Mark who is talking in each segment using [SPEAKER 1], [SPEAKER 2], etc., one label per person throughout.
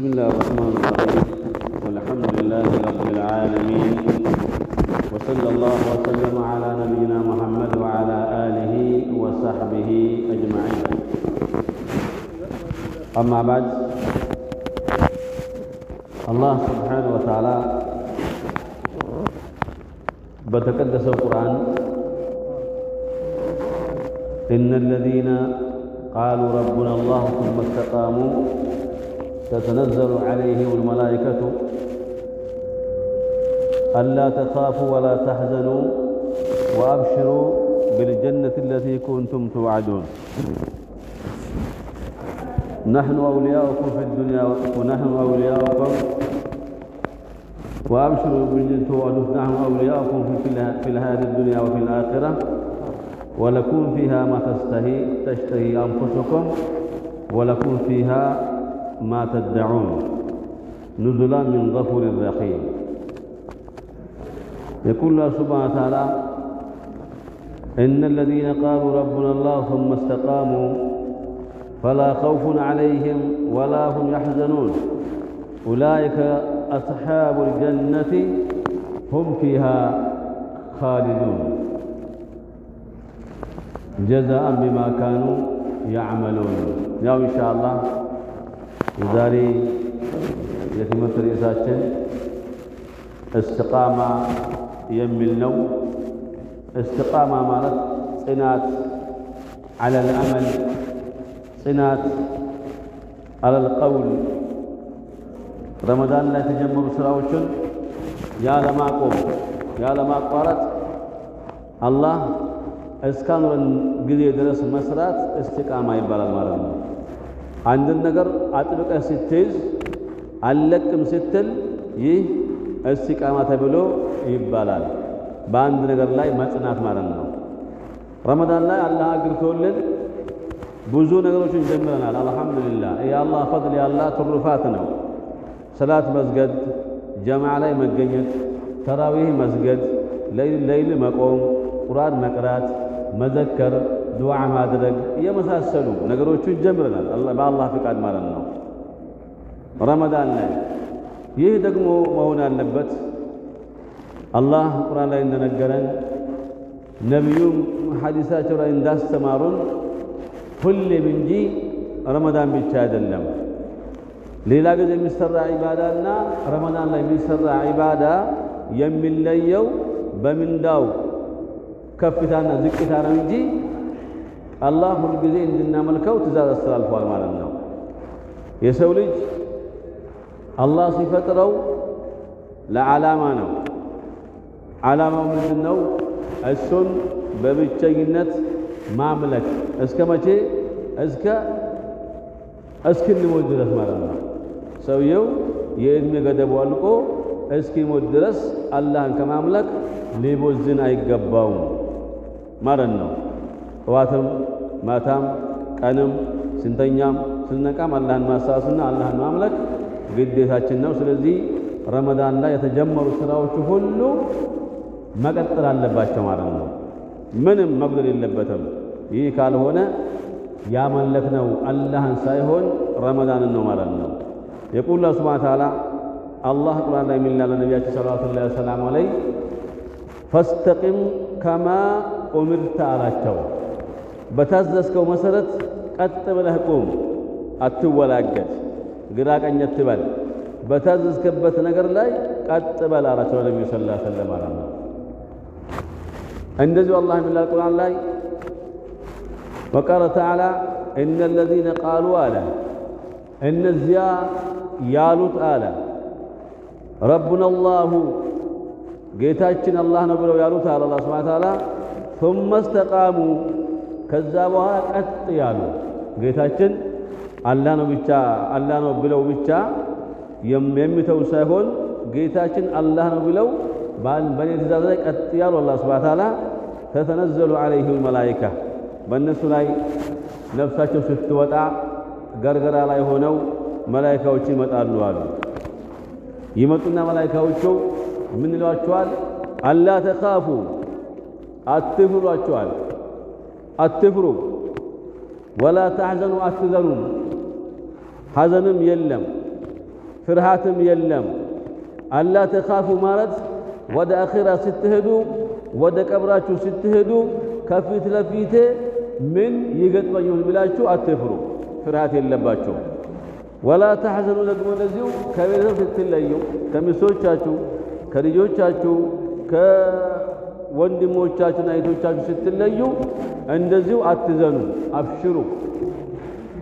[SPEAKER 1] بسم الله الرحمن الرحيم والحمد لله رب العالمين وصلى الله وسلم على نبينا محمد وعلى آله وصحبه أجمعين أما بعد الله سبحانه وتعالى بتقدس القرآن إن الذين قالوا ربنا الله ثم استقاموا تتنزل عليهم الملائكة ألا تخافوا ولا تحزنوا وأبشروا بالجنة التي كنتم توعدون نحن أولياؤكم في الدنيا ونحن أولياؤكم وأبشروا بالجنة نحن أولياؤكم في هذه الدنيا وفي الآخرة ولكم فيها ما تشتهي تشتهي أنفسكم ولكم فيها ما تدعون نزلا من غفور رحيم يقول الله سبحانه وتعالى إن الذين قالوا ربنا الله ثم استقاموا فلا خوف عليهم ولا هم يحزنون أولئك أصحاب الجنة هم فيها خالدون جزاء بما كانوا يعملون يا إن شاء الله ዛሬ የትምህርት ርዕሳችን እስትቃማ የሚል ነው። እስትቃማ ማለት ጽናት አለል አመል፣ ጽናት አለል ቀውል፣ ረመዳን ላይ የተጀመሩ ስራዎችን ያለማቆም ያለማቋረጥ አላህ እስካኑረን ጊዜ ድረስ መስራት እስትቃማ ይባላል ማለት ነው። አንድን ነገር አጥብቀህ ስትይዝ አለቅም ስትል ይህ እስቲቃማ ተብሎ ይባላል። በአንድ ነገር ላይ መጽናት ማለት ነው። ረመዳን ላይ አላህ አግርቶልን ብዙ ነገሮችን ጀምረናል። አልሐምዱሊላህ የአላህ ፈድል የአላህ ትሩፋት ነው። ሰላት መስገድ፣ ጀማዓ ላይ መገኘት፣ ተራዊህ መስገድ፣ ለይል መቆም፣ ቁርአን መቅራት፣ መዘከር ዱዓ ማድረግ የመሳሰሉ ነገሮቹ ጀምረናል፣ በአላህ ፍቃድ ማለት ነው ረመዳን ላይ። ይህ ደግሞ መሆን አለበት። አላህ ቁርአን ላይ እንደነገረን ነቢዩም ሐዲሳቸው ላይ እንዳስተማሩን ሁሌም እንጂ ረመዳን ብቻ አይደለም። ሌላ ጊዜ የሚሰራ ዒባዳ እና ረመዳን ላይ የሚሰራ ዒባዳ የሚለየው በምንዳው ከፍታና ዝቅታ ነው እንጂ አላህ ሁልጊዜ እንድናመልከው ትእዛዝ አስተላልፏል ማለት ነው። የሰው ልጅ አላህ ሲፈጥረው ለዓላማ ነው። ዓላማው ምንድን ነው? እሱን በብቸኝነት ማምለክ እስከ መቼ? እስከ እስክንሞት ድረስ ማለት ነው። ሰውየው የእድሜ ገደቡ አልቆ እስኪሞት ድረስ አላህን ከማምለክ ሊቦዝን አይገባውም ማለት ነው። ጠዋትም ማታም ቀንም ስንተኛም ስንነቃም አላህን ማሳሰስና አላህን ማምለክ ግዴታችን ነው። ስለዚህ ረመዳን ላይ የተጀመሩ ስራዎች ሁሉ መቀጠል አለባቸው ማለት ነው። ምንም መጉደል የለበትም። ይህ ካልሆነ ያመለክነው አላህን ሳይሆን ረመዳንን ነው ማለት ነው። የቁላ ስብሓነ ተዓላ አላህ ቁርአን ላይ ለነቢያችን ሰለዋቱ ላሂ ወሰላሙ አለይህ ፈስተቂም ከማ ኡምርተ አላቸው። بتزدسكو مسرت قط بله قوم اتولاغت غرا قني اتبال بتزدسكبت نغر لاي قط بلا راچو النبي صلى الله عليه وسلم على اندزو الله من القران لاي وقال تعالى ان الذين قالوا الا ان الزيا يالوت الا ربنا الله جيتاچن الله نبلو يالوت على الله سبحانه وتعالى ثم استقاموا ከዛ በኋላ ቀጥ ያሉ ጌታችን አላህ ነው ብቻ አላህ ነው ብለው ብቻ የሚተው ሳይሆን ጌታችን አላህ ነው ብለው በእኔ ትእዛዝ ላይ ቀጥ ያሉ አላህ ሱብሓነሁ ወተዓላ ተተነዘሉ ዐለይሂል መላኢካ በእነሱ ላይ ነፍሳቸው ስትወጣ ገርገራ ላይ ሆነው መላኢካዎች ይመጣሉ አሉ። ይመጡና መላኢካዎቹ ምን ይሏቸዋል? አላ ተኻፉ አትፍሯቸዋል አትፍሩ ወላ ተሕዘኑ አትዘኑ ሐዘንም የለም ፍርሃትም የለም አላ ተኻፉ ማለት ወደ አኼራ ስትሄዱ ወደ ቀብራችሁ ስትሄዱ ከፊት ለፊቴ ምን ይገጥመኝ ይሆን ብላችሁ አትፍሩ ፍርሃት የለባቸው ወላ ተሐዘኑ ደግሞ እንደዚሁ ከቤተሰብ ስትለዩ ከሚስቶቻችሁ ከልጆቻችሁ ወንድሞቻችሁና እህቶቻችሁ ስትለዩ እንደዚሁ አትዘኑ። አብሽሩ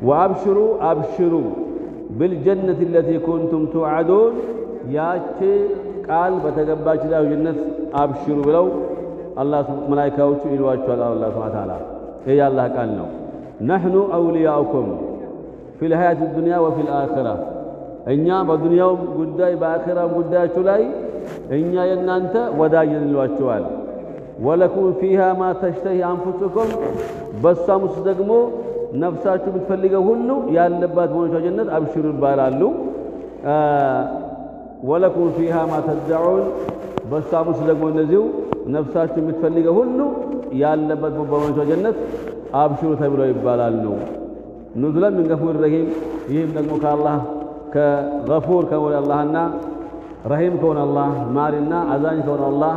[SPEAKER 1] ወአብሽሩ አብሽሩ ብልጀነት ለቲ ኩንቱም ቱዓዱን ያቺ ቃል በተገባች ላይ ጀነት አብሽሩ ብለው መላይካዎቹ ይሏቸዋል። አላህ ሱብሓነሁ ወተዓላ የአላህ ቃል ነው። ነሕኑ አውልያኡኩም ፊል ሀያት ዱንያ ወፊል አኺራ እኛ በዱንያውም ጉዳይ በአኺራም ጉዳያችሁ ላይ እኛ የእናንተ ወዳጅ እንሏቸዋል። ወለኩም ፊሃ ማ ተሽተሂ አንፉሱኩም፣ በሷም ውስጥ ደግሞ ነፍሳችሁ የምትፈልገው ሁሉ ያለባት በሆነቿ ጀነት አብሽሩ ይባላሉ። ወለኩም ፊሃ ማ ተደዑን፣ በሷም ውስጥ ደግሞ እንደዚሁ ነፍሳችሁ የምትፈልገው ሁሉ ያለበት በሆነቿ ጀነት አብሽሩ ተብለው ይባላሉ። ኑዙለን ሚን ገፉር ረሂም፣ ይህም ደግሞ ከአላህ ከገፉር ከሆነ አላህና ረሂም ከሆነ አላህ ማሪና አዛኝ ከሆነ አላህ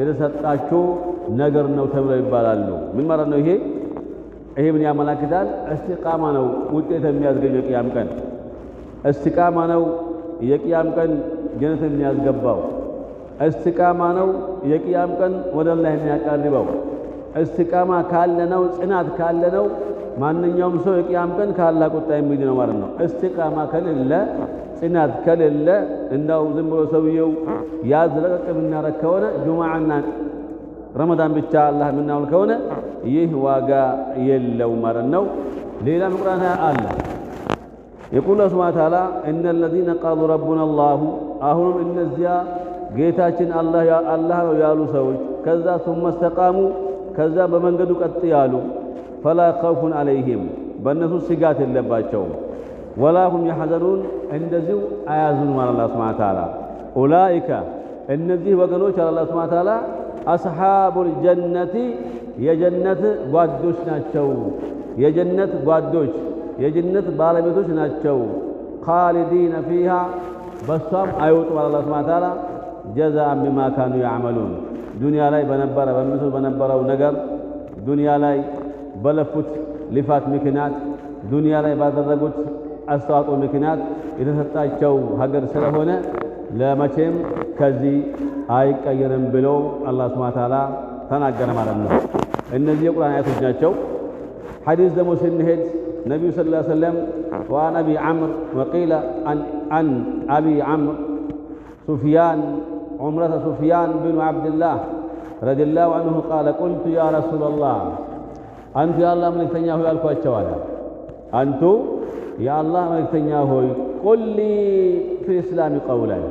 [SPEAKER 1] የተሰጣቸው ነገር ነው ተብለው ይባላሉ። ምን ማለት ነው ይሄ? ይሄ ምን ያመላክታል? እስቲቃማ ነው ውጤት የሚያስገኝ የቅያም ቀን እስቲቃማ ነው የቅያም ቀን ጀነት የሚያስገባው እስቲቃማ ነው የቅያም ቀን ወደ ላይ የሚያቃርበው እስቲቃማ ካለ ነው ጽናት ካለ ነው ማንኛውም ሰው የቅያም ቀን ካላ ቁጣ የሚድ ነው ማለት ነው። እስቲቃማ ከሌለ ጽናት ከሌለ እንዳው ዝም ብሎ ሰውየው ያዝ ለቀቅ የምናረግ ከሆነ ጁማዓና ረመዳን ብቻ አላህ የምናውል ከሆነ ይህ ዋጋ የለው ማለት ነው። ሌላ ምቁራን አለ የቁለ ስማ ታላ እነ ለዚነ ቃሉ ረቡና አላሁ አሁንም እነዚያ ጌታችን አላህ ነው ያሉ ሰዎች ከዛ ሱመ ስተቃሙ ከዛ በመንገዱ ቀጥ ያሉ ፈላ ከውፉን አለይህም በእነሱ ስጋት የለባቸውም። ወላሁም ያሐዘኑን እንደዚሁ አያዝኑም። አላህ ሱብሓነሁ ወተዓላ ኡላኢከ እነዚህ ወገኖች አላህ ሱብሓነሁ ወተዓላ አስሓቡል ጀነቲ የጀነት ጓዶች ናቸው። የጀነት ጓዶች የጀነት ባለቤቶች ናቸው። ኻሊዲነ ፊሃ በሷም አይወጡም። አላህ ሱብሓነሁ ወተዓላ ጀዛአን ቢማ ካኑ ያዕመሉን ዱንያ ላይ በነበረ በምስሉ በነበረው ነገር ዱንያ ላይ በለፉት ልፋት ምክንያት ዱንያ ላይ ባደረጉት أستاذ مكينات إذا تتأجوا هجر سلهونة لا ما تيم كذي أي كيرن بلو الله سبحانه وتعالى تناجنا مالنا إن ذي القرآن يسجد جو حديث دموس النهج نبي صلى الله عليه وسلم وأنا أبي عمرو وقيل أن أن أبي عمرو سفيان عمرة سفيان بن عبد الله رضي الله عنه قال قلت يا رسول الله أنت يا الله من الثانية هو ألقى أنت የአላህ መልእክተኛ ሆይ ቁሊ ፊል እስላሚ ቀውላን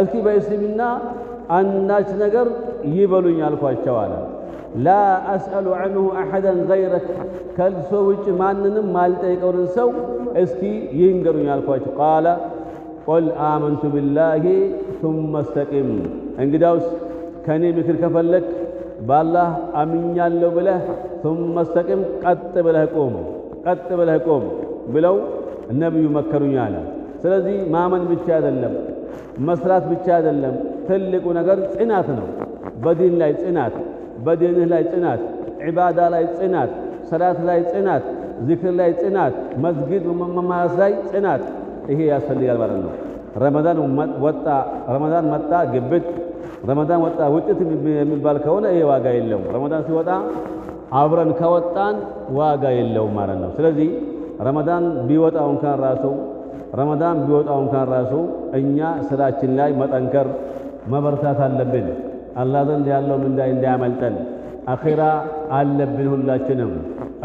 [SPEAKER 1] እስቲ በእስልምና አንዳች ነገር ይበሉኝ አልኳቸው አለ። ላ አስአሉ ዐንሁ አሐደን ገይረክ ከልሶ ውጭ ማንንም ማልጠይቀውን ሰው እስኪ ይንገሩኝ አልኳቸው። ቃለ ቁል አመንቱ ቢላሂ ሱመ እስተቂም። እንግዳውስ ከኔ ምክር ከፈለክ ባላህ አምኛለሁ ብለህ ሱመ እስተቂም፣ ቀጥ ብለህ ቁም፣ ቀጥ ብለህ ቁም ብለው ነቢዩ መከሩኝ አለ። ስለዚህ ማመን ብቻ አይደለም፣ መስራት ብቻ አይደለም። ትልቁ ነገር ጽናት ነው። በዲን ላይ ጽናት፣ በዲንህ ላይ ጽናት፣ ዒባዳ ላይ ጽናት፣ ሰላት ላይ ጽናት፣ ዚክር ላይ ጽናት፣ መስጊድ መማራስ ላይ ጽናት። ይሄ ያስፈልጋል ማለት ነው። ረመዳን ወጣ ረመዳን መጣ ግብት ረመዳን ወጣ ውጤት የሚባል ከሆነ ይሄ ዋጋ የለውም። ረመዳን ሲወጣ አብረን ከወጣን ዋጋ የለውም ማለት ነው። ስለዚህ ረመዳን ቢወጣው እንኳን ራሱ ረመዳን ቢወጣው እንኳን ራሱ እኛ ስራችን ላይ መጠንከር መበርታት አለብን። አላህ ዘንድ ያለው ምንዳ እንዳያመልጠን። አኺራ አለብን፣ ሁላችንም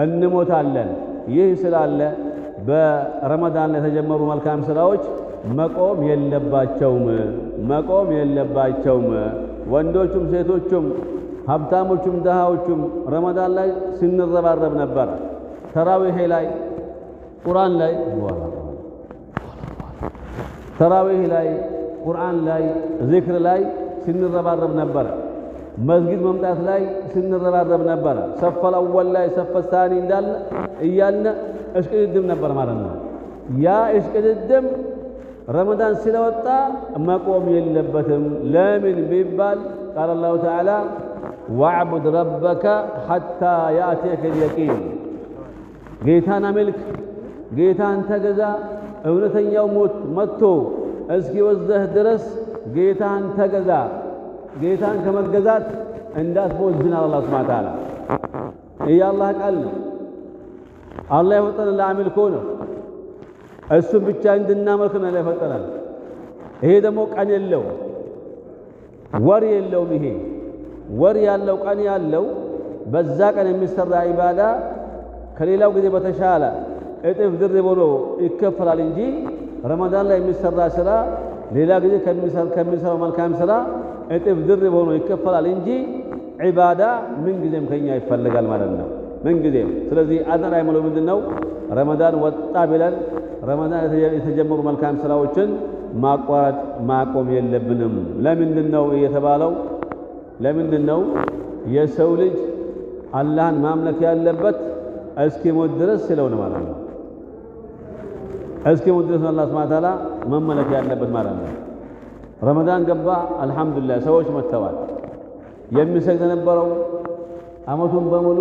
[SPEAKER 1] እንሞታለን። ይህ ስላለ በረመዳን የተጀመሩ መልካም ስራዎች መቆም የለባቸውም መቆም የለባቸውም። ወንዶቹም ሴቶቹም ሀብታሞቹም ድሃዎቹም ረመዳን ላይ ስንረባረብ ነበር። ተራዊሄ ላይ قرآن لاي جوالا تراويح لاي قرآن لاي ذكر لاي سنربرب نبر مسجد ممتاز لاي سنربرب نبر صف الأول لاي صف الثاني እንዳለ እያልን እሽቅድድም ነበር ማለት ነው። ያ እሽቅድድም ረመዳን ስለወጣ መቆም የለበትም። ለምን ቢባል ቃለ አላሁ ተዓላ ወዕቡድ ረበከ ሐታ ያእቲየከ ልየቂን ጌታን አምልክ ጌታን ተገዛ። እውነተኛው ሞት መጥቶ እስኪወዘህ ድረስ ጌታን ተገዛ። ጌታን ከመገዛት እንዳትቦዝናል። አላህ ሱብሓነሁ ወተዓላ ይህ የአላህ ቃል ነው። አላህ የፈጠረን ለአምልኮ ነው። እሱም ብቻ እንድናመልክ ነው የፈጠረን። ይሄ ደግሞ ቀን የለው ወር የለውም። ይሄ ወር ያለው ቀን ያለው በዛ ቀን የሚሰራ ኢባዳ ከሌላው ጊዜ በተሻለ እጥፍ ድርብ ሆኖ ይከፈላል እንጂ ረመዳን ላይ የሚሰራ ስራ ሌላ ጊዜ ከሚሰራው መልካም ስራ እጥፍ ድርብ ሆኖ ይከፈላል እንጂ ዒባዳ ምንጊዜም ከኛ ይፈልጋል ማለት ነው። ምንጊዜም። ስለዚህ አዘን አይመለው ምንድን ነው ረመዳን ወጣ ብለን ረመዳን የተጀመሩ መልካም ስራዎችን ማቋረጥ ማቆም የለብንም። ለምንድን ነው እየተባለው? ለምንድን ነው የሰው ልጅ አላህን ማምለክ ያለበት እስኪሞት ድረስ ስለሆነ ማለት ነው። እስኪ ውድረስ አላህ ሱብሓነሁ ወተዓላ መመለክ ያለበት ማለት ነው። ረመዳን ገባ፣ አልሐምዱሊላህ ሰዎች መጥተዋል። የሚሰግድ የነበረው አመቱን በሙሉ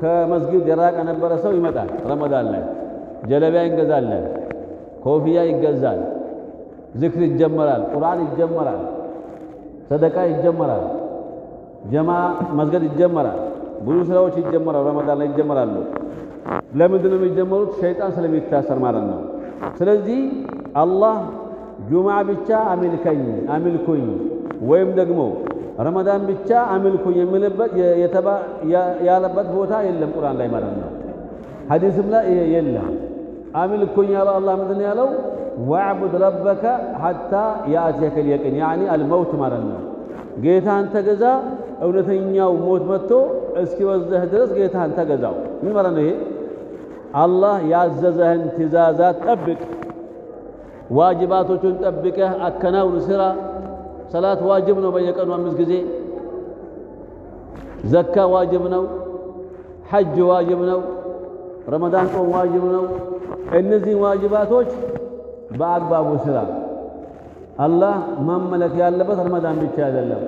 [SPEAKER 1] ከመስጊድ የራቀ ነበረ ሰው ይመጣል። ረመዳን ላይ ጀለቢያ ይገዛለን፣ ኮፍያ ይገዛል፣ ዝክር ይጀመራል፣ ቁርአን ይጀመራል፣ ሰደቃ ይጀመራል፣ ጀማ መስገድ ይጀመራል። ብዙ ስራዎች ይጀመራሉ፣ ረመዳን ላይ ይጀመራሉ። ለምንድን ነው የሚጀመሩት? ሸይጣን ስለሚታሰር ማለት ነው። ስለዚህ አላህ ጁማ ብቻ አምልከኝ አምልኩኝ ወይም ደግሞ ረመዳን ብቻ አምልኩኝ የሚልበት ያለበት ቦታ የለም ቁርአን ላይ ማለት ነው። ሐዲስም ላይ ይሄ የለም። አምልኩኝ ያለው አላህ ምንድን ያለው ወዕቡድ ረበከ ሐታ የአትየከል የቅን ያኒ አልመውት ማለት ነው። ጌታን ተገዛ እውነተኛው ሞት መጥቶ እስኪወዘህ ድረስ ጌታን ተገዛው ምን ማለት ነው ይሄ አላህ ያዘዘህን ትእዛዛት ጠብቅ፣ ዋጅባቶቹን ጠብቀህ አከናውን፣ ስራ። ሰላት ዋጅብ ነው፣ በየቀኑ አምስት ጊዜ። ዘካ ዋጅብ ነው፣ ሐጅ ዋጅብ ነው፣ ረመዳን ጾም ዋጅብ ነው። እነዚህን ዋጅባቶች በአግባቡ ስራ። አላህ መመለክ ያለበት ረመዳን ብቻ አይደለም።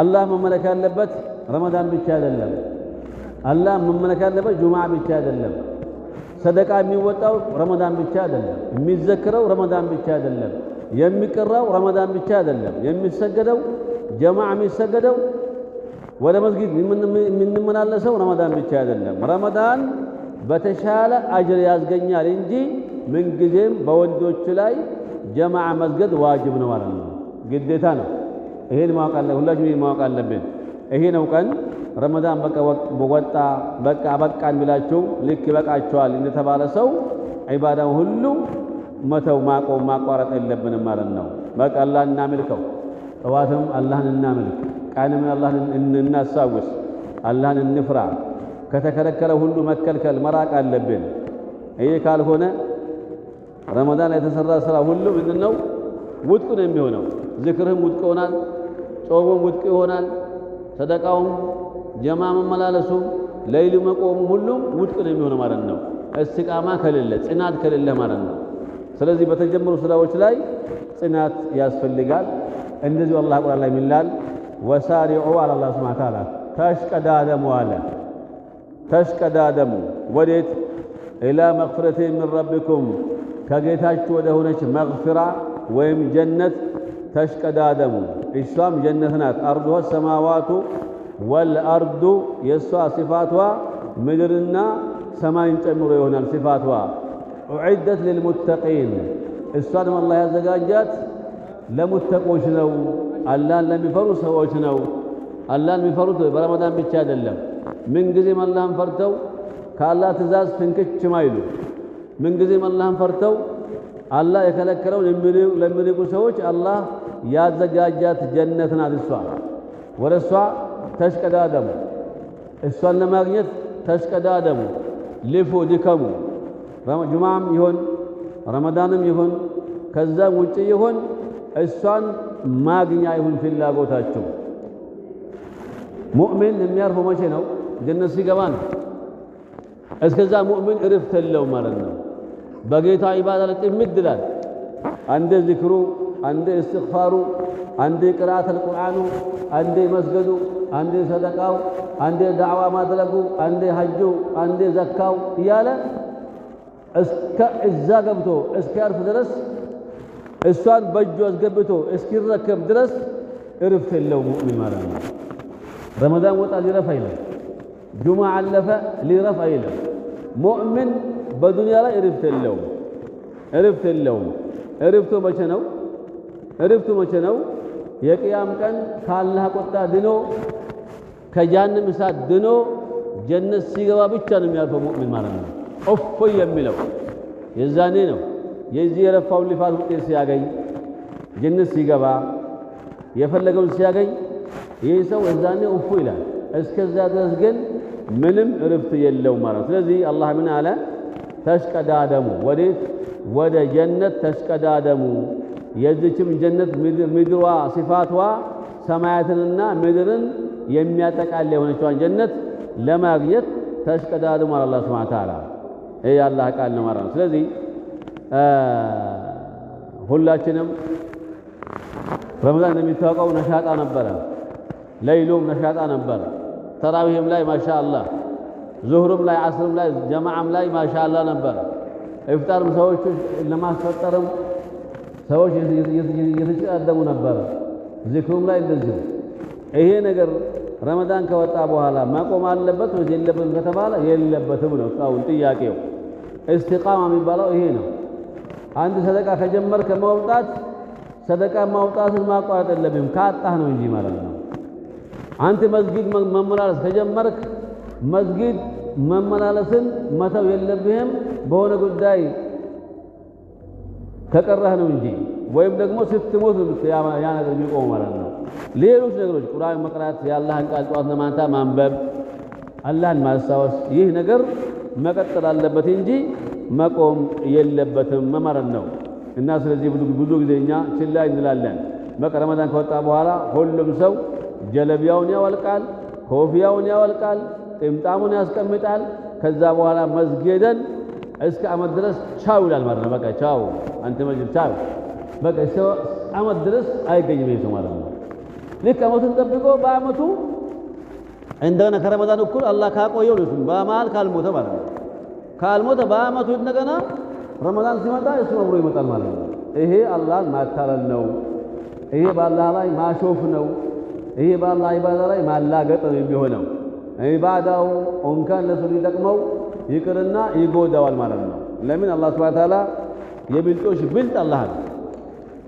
[SPEAKER 1] አላህ መመለክ ያለበት ረመዳን ብቻ አይደለም። አላ መመለክ ያለበት ጁማ ብቻ አይደለም። ሰደቃ የሚወጣው ረመዳን ብቻ አይደለም። የሚዘክረው ረመዳን ብቻ አይደለም። የሚቀራው ረመዳን ብቻ አይደለም። የሚሰገደው ጀማዓ የሚሰገደው ወደ መስጊድ የምንመላለሰው ረመዳን ብቻ አይደለም። ረመዳን በተሻለ አጅር ያስገኛል እንጂ ምንጊዜም በወንዶቹ ላይ ጀማዓ መስገድ ዋጅብ ነው ማለት ነው፣ ግዴታ ነው። ይሄን ማወቅ አለብን፣ ሁላችንም ማወቅ አለብን። ይሄ ነው ቀን ረመዳን በቃ ወጣ በቃ በቃን ቢላቸው ልክ ይበቃቸዋል እንደተባለ ሰው ዒባዳን ሁሉ መተው ማቆም ማቋረጥ የለብንም ማለት ነው። በቃ አላህን እናምልከው። ጠዋትም አላህን እናምልክ፣ ቀንም አላህን እናሳውስ አላህን እንፍራ። ከተከለከለ ሁሉ መከልከል መራቅ አለብን። ይሄ ካልሆነ ረመዳን የተሰራ ስራ ሁሉ ምንድነው ውድቅ ነው የሚሆነው። ዝክርህም ውድቅ ይሆናል፣ ጾሙም ውድቅ ይሆናል። ሰደቃውም ጀማ መመላለሱ ለይሉ መቆሙ ሁሉም ውድቅ ነው የሚሆነ ማለት ነው። እስቃማ ከሌለ ጽናት ከሌለ ማለት ነው። ስለዚህ በተጀመሩ ስራዎች ላይ ጽናት ያስፈልጋል። እንደዚሁ አላህ ቁርአን ላይ ይላል ወሳሪዑ አለ አላህ ሱብሓነሁ ወተዓላ ተሽቀዳደሙ አለ ተሽቀዳደሙ ወዴት ኢላ መግፊረቲን ሚን ረቢኩም ከጌታችሁ ወደ ሆነች መግፊራ ወይም ጀነት ተሽቀዳደሙ። እሷም ጀነት ናት። አርዱሃ ሰማዋቱ ወልአርዱ የእሷ ሲፋቷ ምድርና ሰማይን ጨምሮ ይሆናል ሲፋቷ። ኡዕደት ልልሙተቂን እሷ ደግሞ አላህ ያዘጋጃት ለሙተቆች ነው። አላህን ለሚፈሩ ሰዎች ነው። አላህን የሚፈሩት በረመዳን ብቻ አይደለም። ምንጊዜም አላህን ፈርተው ከአላህ ትእዛዝ ትንክች ማይሉ፣ ምንጊዜም አላህን ፈርተው አላህ የከለከለውን ለሚንቁ ሰዎች አላህ ያዘጋጃት ጀነት ናት እሷ። ወደ እሷ ተሽቀዳደሙ፣ እሷን ለማግኘት ተሽቀዳደሙ፣ ልፉ፣ ድከሙ። ጁማም ይሁን ረመዳንም ይሁን ከዛም ውጭ ይሁን እሷን ማግኛ ይሁን ፍላጎታችሁ። ሙእሚን የሚያርፈው መቼ ነው? ጀነት ሲገባ ነው። እስከዛ ሙእሚን እርፍት የለውም ማለት ነው። በጌታ ኢባዳ ላይ ጥምድ ይላል። አንደ ዚክሩ አንዴ እስትግፋሩ፣ አንዴ ቅራአተል ቁርአኑ፣ አንዴ መስገዱ፣ አንዴ ሰደቃው፣ አንዴ ዳዕዋ ማድረጉ፣ አንዴ ሀጁ አንዴ ዘካው እያለ እስከ እዛ ገብቶ እስኪያርፍ ድረስ እሷን በእጁ አስገብቶ እስኪረከብ ድረስ እርፍት የለው ሙእሚን ማለት ነው። ረመዳን ወጣ ሊረፍ አይለም። ጁማ አለፈ ሊረፍ አይለም። ሙእሚን በዱንያ ላይ እርፍት የለውም። እርፍት የለውም። እርፍቶ መቼ ነው? እርፍቱ መቼ ነው? የቅያም ቀን ከአላህ ቁጣ ድኖ ከጃንም እሳት ድኖ ጀነት ሲገባ ብቻ ነው የሚያልፈው ሙእሚን ማለት ነው። እፎይ የሚለው የዛኔ ነው። የዚህ የለፋውን ልፋት ውጤት ሲያገኝ ጀነት ሲገባ የፈለገውን ሲያገኝ ይህ ሰው እዛኔ እፎ ይላል። እስከዛ ድረስ ግን ምንም እርፍት የለውም ማለት ነው። ስለዚህ አላህ ምን አለ? ተሽቀዳደሙ ወዴት? ወደ ጀነት ተሽቀዳደሙ የዚችም ጀነት ምድሯ ሲፋቷ ሰማያትንና ምድርን የሚያጠቃል የሆነችዋን ጀነት ለማግኘት ተሽቀዳድሟል አላህ ሱብሓነሁ ወተዓላ። ይህ የአላህ ቃል ነው ማለት ነው። ስለዚህ ሁላችንም ረመዳን እንደሚታወቀው ነሻጣ ነበረ፣ ለይሉም ነሻጣ ነበረ። ተራዊህም ላይ ማሻአላህ፣ ዙሁርም ላይ፣ ዓስርም ላይ፣ ጀማዓም ላይ ማሻአላህ ነበረ። ኢፍጣርም ሰዎቹ ለማስፈጠርም ሰዎች የተጨዳደሙ ነበር። ዚክሩም ላይ እንደዚሁ ይሄ ነገር ረመዳን ከወጣ በኋላ ማቆም አለበት ወይስ የለበትም ከተባለ የለበትም ነው። እስካሁን ጥያቄው እስቲቃማ የሚባለው ይሄ ነው። አንድ ሰደቃ ከጀመር ከማውጣት ሰደቃ ማውጣትን ማቋረጥ የለብህም ካጣህ ነው እንጂ ማለት ነው። አንተ መስጊድ መመላለስ ከጀመርክ መስጊድ መመላለስን መተው የለብህም። በሆነ ጉዳይ ከቀረህ ነው እንጂ ወይም ደግሞ ስትሞት ያ ነገር የሚቆሙ ማለት ነው። ሌሎች ነገሮች ቁርአን መቅራት፣ የአላህን ቃል ጠዋትና ማታ ማንበብ፣ አላህን ማስታወስ፣ ይህ ነገር መቀጠል አለበት እንጂ መቆም የለበትም ማለት ነው። እና ስለዚህ ብዙ ጊዜ እኛ ችላ እንላለን። መቀረመዳን ከወጣ በኋላ ሁሉም ሰው ጀለቢያውን ያወልቃል፣ ኮፍያውን ያወልቃል፣ ጥምጣሙን ያስቀምጣል። ከዛ በኋላ መስጌደን እስከ ዓመት ድረስ ቻው ይላል ማለት ነው። በቃ ቻው አንተ መጅል ቻው በቃ እስከ አመት ድረስ አይገኝም ይሄ ሰው ማለት ነው። ልክ ዓመቱን ጠብቆ በአመቱ እንደገና ከረመዳን እኩል አላህ ካቆየው ነው እሱም በመሀል ካልሞተ ማለት ነው። ካልሞተ እንደገና ረመዳን ሲመጣ እሱ አብሮ ይመጣል ማለት ነው። ይሄ አላህን ማታለል ነው። ይሄ በአላህ ላይ ማሾፍ ነው። ይሄ በአላህ ኢባዳ ላይ ማላገጥ ነው የሚሆነው። ኢባዳው እንኳን ለሱ ሊጠቅመው ይቅርና ይጎዳዋል ማለት ነው። ለምን አላህ ሱብሓነሁ ወተዓላ የብልጦች ብልጥ አላህ ነው።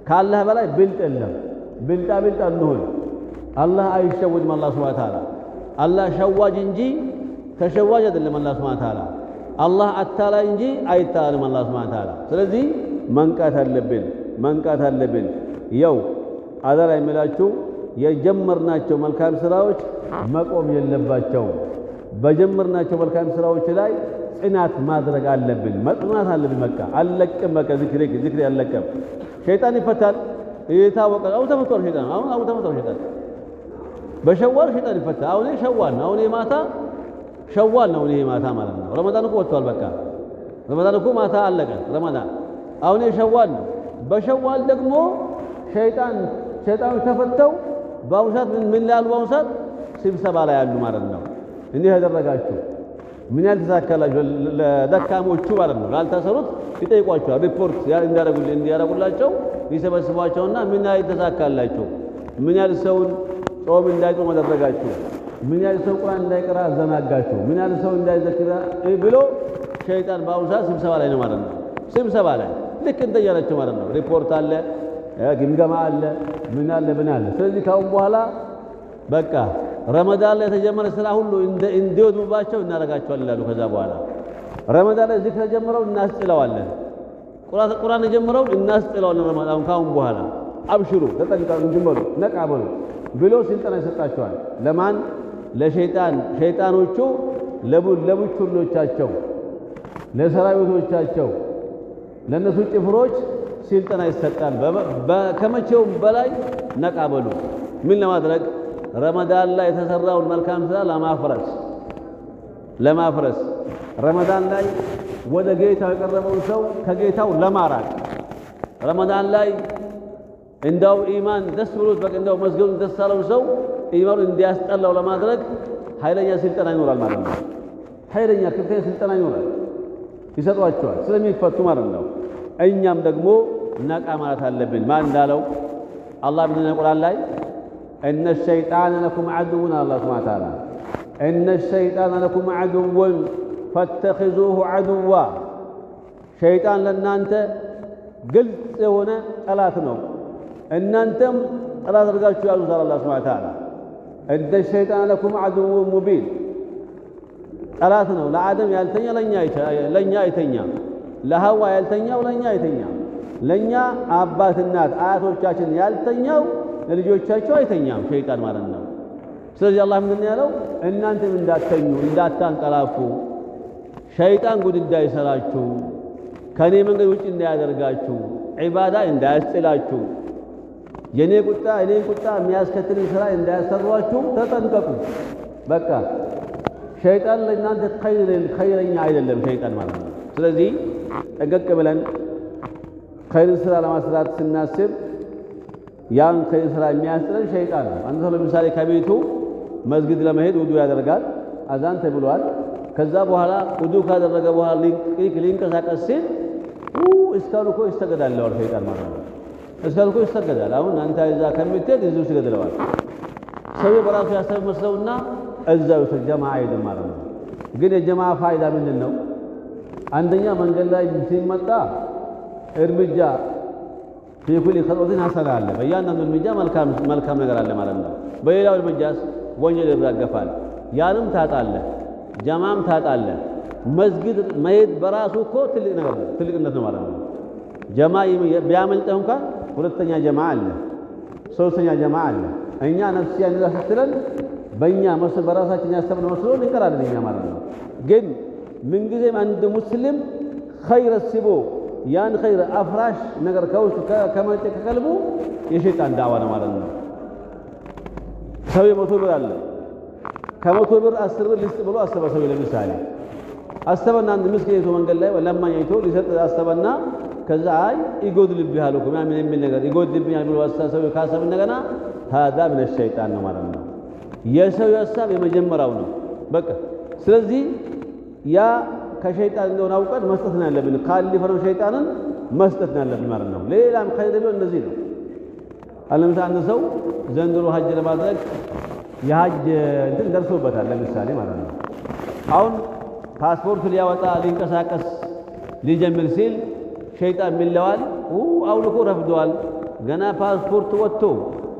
[SPEAKER 1] ከአላህ በላይ ብልጥ የለም። ብልጣ ብልጥ አንሆን። አላህ አይሸወድም። አላህ ሱብሓነሁ ወተዓላ አላህ ሸዋጅ እንጂ ተሸዋጅ አይደለም። አላህ ሱብሓነሁ ወተዓላ አላህ አታላይ እንጂ አይታላልም። አላህ ሱብሓነሁ ወተዓላ ስለዚህ መንቃት አለብን፣ መንቃት አለብን። ያው አደራ የምላችሁ የጀመርናቸው መልካም ስራዎች መቆም የለባቸውም። በጀመርናቸው መልካም ስራዎች ላይ ጽናት ማድረግ አለብን፣ መጽናት አለብን። በቃ አለቅም፣ በቃ ዝክሪ ዝክሪ አለቅም። ሸይጣን ይፈታል፣ እየታወቀ አሁን ተፈቷል። ሸይጣን አሁን አሁን ተፈቷል። ሸይጣን በሸዋል ሸይጣን ይፈታል። አሁን ሸዋል ነው፣ አሁን ማታ ሸዋል ነው፣ ይሄ ማታ ማለት ነው። ረመዳን እኮ ወጥቷል። በቃ ረመዳን እኮ ማታ አለቀ። ረመዳን አሁን ሸዋል ነው። በሸዋል ደግሞ ሸይጣን ሸይጣን ተፈተው በአሁኑ ሰዓት ምን ላሉ በአሁኑ ሰዓት ስብሰባ ላይ ያሉ ማለት ነው እንዲህ ያደረጋችሁ ምን ያልተሳካላችሁ ለደካሞቹ ማለት ነው፣ ላልታሰሩት ይጠይቋቸዋል። ሪፖርት እንዲያደርጉላቸው ይሰበስቧቸውና ምን ያህል ተሳካላችሁ? ምን ያህል ሰውን ጾም እንዳይጾም አደረጋችሁ? ምን ያህል ሰው ቁርአን እንዳይቀራ አዘናጋችሁ? ምን ያህል ሰው እንዳይዘክራ ብሎ ሸይጣን በአሁኑ ሰዓት ስብሰባ ላይ ነው ማለት ነው። ስብሰባ ላይ ልክ እንደያላችሁ ማለት ነው። ሪፖርት አለ፣ ግምገማ አለ፣ ምን አለ፣ ምን አለ። ስለዚህ ካሁን በኋላ በቃ ረመዳን ላይ የተጀመረ ስራ ሁሉ እንዲወድሙባቸው እናደርጋቸዋለን ይላሉ። ከዛ በኋላ ረመዳን ላይ ዚክር የጀመረው እናስጥለዋለን፣ ቁርአን የጀመረው እናስጥለዋለን። ረመዳን ካሁን በኋላ አብሽሩ፣ ተጠንቀቁ፣ እንጅመሩ፣ ነቃ በሉ ብሎ ስልጠና ይሰጣቸዋል። ለማን? ለሸይጣን ሸይጣኖቹ ለቡችሎቻቸው፣ ለሰራዊቶቻቸው፣ ለእነሱ ጭፍሮች ስልጠና ይሰጣል። ከመቼውም በላይ ነቃ በሉ ምን ለማድረግ ረመዳን ላይ የተሰራውን መልካም ስራ ለማፍረስ ለማፍረስ ረመዳን ላይ ወደ ጌታው የቀረበውን ሰው ከጌታው ለማራቅ ረመዳን ላይ እንደው ኢማን ደስ ብሎት በቃ እንደው መስገዱን ደስ አለውን ሰው ኢማኑ እንዲያስጠላው ለማድረግ ኃይለኛ ስልጠና ይኖራል ማለት ነው። ኃይለኛ ከፍተኛ ስልጠና ይኖራል፣ ይሰጧቸዋል ስለሚፈቱ ማለት ነው። እኛም ደግሞ ነቃ ማለት አለብን። ማን እንዳለው አላህ ብንነቁራን ላይ إن الشيطان لكم عدو الله سبحانه وتعالى إن الشيطان لكم عدو فاتخذوه عدوا شيطان لنا أنت قلت هنا ثلاث نوم إن أنتم ثلاث رجال شو الله سبحانه وتعالى إن الشيطان لكم عدو مبين ثلاث نوم لا عدم يلتنيا لن يأتي لن يأتي لا هو يلتنيا ولن يأتي لن يأ أبات الناس آتوا الشاشين يلتنيا ለልጆቻቸው አይተኛም ሸይጣን ማለት ነው። ስለዚህ አላህ ምንድን ያለው እናንተም እንዳተኙ እንዳታንቀላፉ፣ ሸይጣን ጉድ እንዳይሰራችሁ፣ ከእኔ መንገድ ውጭ እንዳያደርጋችሁ፣ ዒባዳ እንዳያስጥላችሁ፣ የእኔ ቁጣ እኔን ቁጣ የሚያስከትል ስራ እንዳያሰሯችሁ ተጠንቀቁ። በቃ ሸይጣን ለእናንተ ኸይረኛ አይደለም ሸይጣን ማለት ነው። ስለዚህ ጠንቀቅ ብለን ኸይርን ስራ ለማስራት ስናስብ ያን ስራ የሚያስጥለን ሸይጣን ነው። አንድ ሰው ለምሳሌ ከቤቱ መስጊድ ለመሄድ ውዱ ያደርጋል። አዛን ተብሏል። ከዛ በኋላ ውዱ ካደረገ በኋላ ሊንቀሳቀስ ሲል እስካሁን እኮ ይስተገዳለዋል ሸይጣን ማለት ነው። እስካሁን እኮ ይስተገዳል። አሁን አንተ እዛ ከምትሄድ ውስጥ ይስተገድለዋል። ሰው በራሱ ያሰብ መስለውና እዛው ይሰል ጀማ ማለት ነው። ግን የጀማ ፋይዳ ምንድን ነው? አንደኛ መንገድ ላይ ሲመጣ እርምጃ ፊ ኩሊ ኸጥወቲን ሐሰና አለ። በእያንዳንዱ እርምጃ መልካም ነገር አለ ማለት ነው። በሌላው እርምጃስ ወንጀል ይራገፋል። ያንም ታጣለ ጀማም ታጣለ መስጊድ መሄድ በራሱ እኮ ትልቅ ነገር ነው፣ ትልቅነት ነው ማለት ነው። ጀማ ቢያመልጠህ እንኳን ሁለተኛ ጀማ አለ፣ ሶስተኛ ጀማ አለ። እኛ ነፍስያ እንደዛ ስትለን በእኛ መስል በራሳችን ያሰብነው መስሎ እንቀራለን እኛ ማለት ነው። ግን ምንጊዜም አንድ ሙስሊም ኸይረ ስቦ ያን ኸይር አፍራሽ ነገር ከውስጡ ከመጨ ከቀልቡ የሸይጣን ዳዋ ነው ማለት ነው። ሰው የመቶ ብር አለ ከመቶ ብር አስር ብር ሊስጥ ብሎ አሰበ። ሰው ለምሳሌ አሰበና አንድ ምስኪን አይቶ መንገድ ላይ ለማኝ አይቶ ሊሰጥ አሰበና ከዛ አይ ይጎድልብሃል እኮ ምናምን የሚል ነገር ይጎድልብኛል ብሎ አሳሰብ ካሰብ እንደገና ሀዳ ምን ሸይጣን ነው ማለት ነው። የሰው ሀሳብ የመጀመሪያው ነው በቃ ስለዚህ ያ ከሸይጣን እንደሆነ አውቀን መስጠት ነው ያለብን። ካሊፈረው ሸይጣንን መስጠት ነው ያለብን ማለት ነው። ሌላም ኸይር ቢሆን እንደዚህ ነው። አለምሳ አንድ ሰው ዘንድሮ ሀጅ ለማድረግ የሀጅ እንትን ደርሶበታል ለምሳሌ ማለት ነው። አሁን ፓስፖርቱ ሊያወጣ ሊንቀሳቀስ ሊጀምር ሲል ሸይጣን ሚለዋል አውልኮ ረፍደዋል። ገና ፓስፖርት ወጥቶ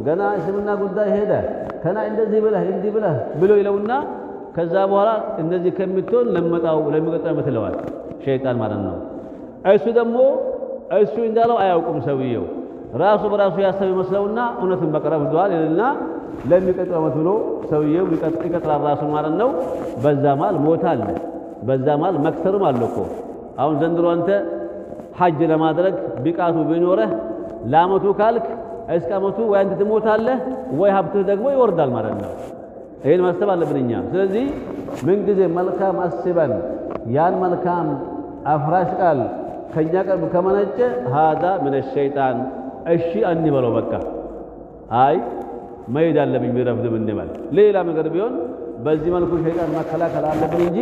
[SPEAKER 1] ገና እስልምና ጉዳይ ሄደ ከና እንደዚህ ብለህ እንዲህ ብለህ ብሎ ይለውና ከዛ በኋላ እንደዚህ ከምትሆን ለመጣው ለሚቀጥለው ዓመት ይለዋል ሸይጣን ማለት ነው። እሱ ደግሞ እሱ እንዳለው አያውቁም ሰውየው ራሱ በራሱ ያሰብ ይመስለውና እውነትን በቀረብ ዱዓል ይልና ለሚቀጥለው ዓመት ብሎ ሰውየው ይቀጥላል ራሱ ማለት ነው። በዛ ማል ሞት አለ፣ በዛ ማል መክሰርም አለ እኮ አሁን ዘንድሮ አንተ ሐጅ ለማድረግ ብቃቱ ቢኖረህ ለዓመቱ ካልክ እስከ ዓመቱ ወይ አንተ ትሞታለህ ወይ ሀብትህ ደግሞ ይወርዳል ማለት ነው። ይህን ማሰብ አለብን እኛ። ስለዚህ ምንጊዜ መልካም አስበን ያን መልካም አፍራሽ ቃል ከእኛ ቀርብ ከመነጨ ሃዳ ምን ሸይጣን እሺ እንበለው በቃ አይ መሄድ አለብኝ ብረፍድም እንበል ሌላ ነገር ቢሆን በዚህ መልኩ ሸይጣን መከላከል አለብን እንጂ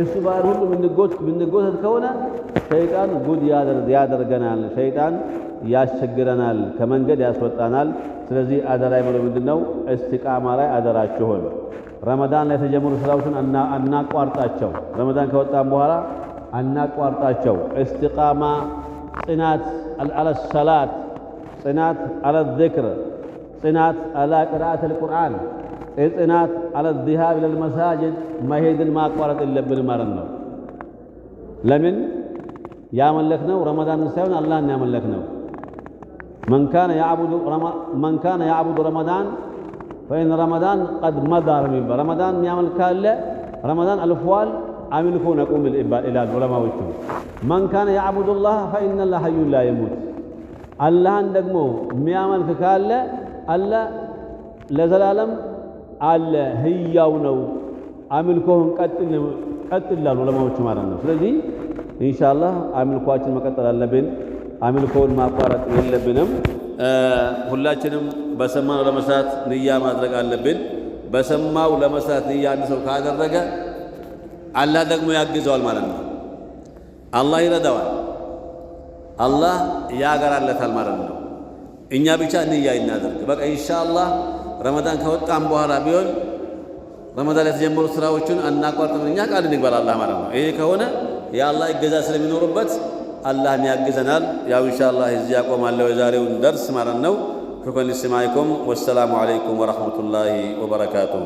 [SPEAKER 1] እሱ ባር ሁሉ ብንጎተት ከሆነ ሸይጣን ጉድ ያደርገናል። ሸይጣን ያስቸግረናል፣ ከመንገድ ያስወጣናል። ስለዚህ አደራ ብሎ ምንድነው እስቲቃማ ላይ አደራችሁን። ረመዳን ላይ የተጀመሩ ስራዎችን አናቋርጣቸው። ረመዳን ከወጣም በኋላ አናቋርጣቸው። እስቲቃማ ጽናት አለ ሰላት፣ ጽናት አለ ዚክር፣ ጽናት አለ ቅርአት አልቁርአን ጽናት አለ ዚሃብ ኢለል መሳጅድ መሄድን ማቋረጥ የለብን ማለት ነው። ለምን ያመለክነው ረመዳንን ሳይሆን አላህን ያመለክነው። መን ካነ ያዕቡዱ ረመዳን ፈኢን ረመዳን ቀድ መዳ የሚባል ረመዳን የሚያመልክ ካለ ረመዳን አልፏል፣ አምልኮን አቁም ይላሉ ዑለማዎቹ። መን ካነ ያዕቡዱ ላህ ፈኢነ ላ ሐዩን ላ የሙት አላህን ደግሞ የሚያመልክ ካለ አላህ ለዘላለም አለ ህያው ነው። አምልኮህን ቀጥል ላሉ ለማዎቹ ማለት ነው። ስለዚህ ኢንሻአላህ አምልኮአችን መቀጠል አለብን። አምልኮውን ማቋረጥ የለብንም። ሁላችንም በሰማነው ለመስራት ንያ ማድረግ አለብን። በሰማው ለመስራት ንያ አንድ ሰው ካደረገ አላህ ደግሞ ያግዘዋል ማለት ነው። አላህ ይረዳዋል፣ አላህ ያገራለታል ማለት ነው። እኛ ብቻ ንያ እናደርግ። በቃ ኢንሻአላህ ረመዳን ከወጣም በኋላ ቢሆን ረመዳን የተጀመሩ ስራዎችን አናቋርጥም። እኛ ቃል እንግባል አላህ ማለት ነው። ይሄ ከሆነ የአላህ እገዛ ስለሚኖሩበት አላህም ያግዘናል። ያው ኢንሻአላህ እዚህ ያቆማለሁ የዛሬውን ደርስ ማለት ነው። ሹክረን ሊስማዒኩም ወሰላሙ ዓለይኩም ወረሕመቱላሂ ወበረካቱሁ።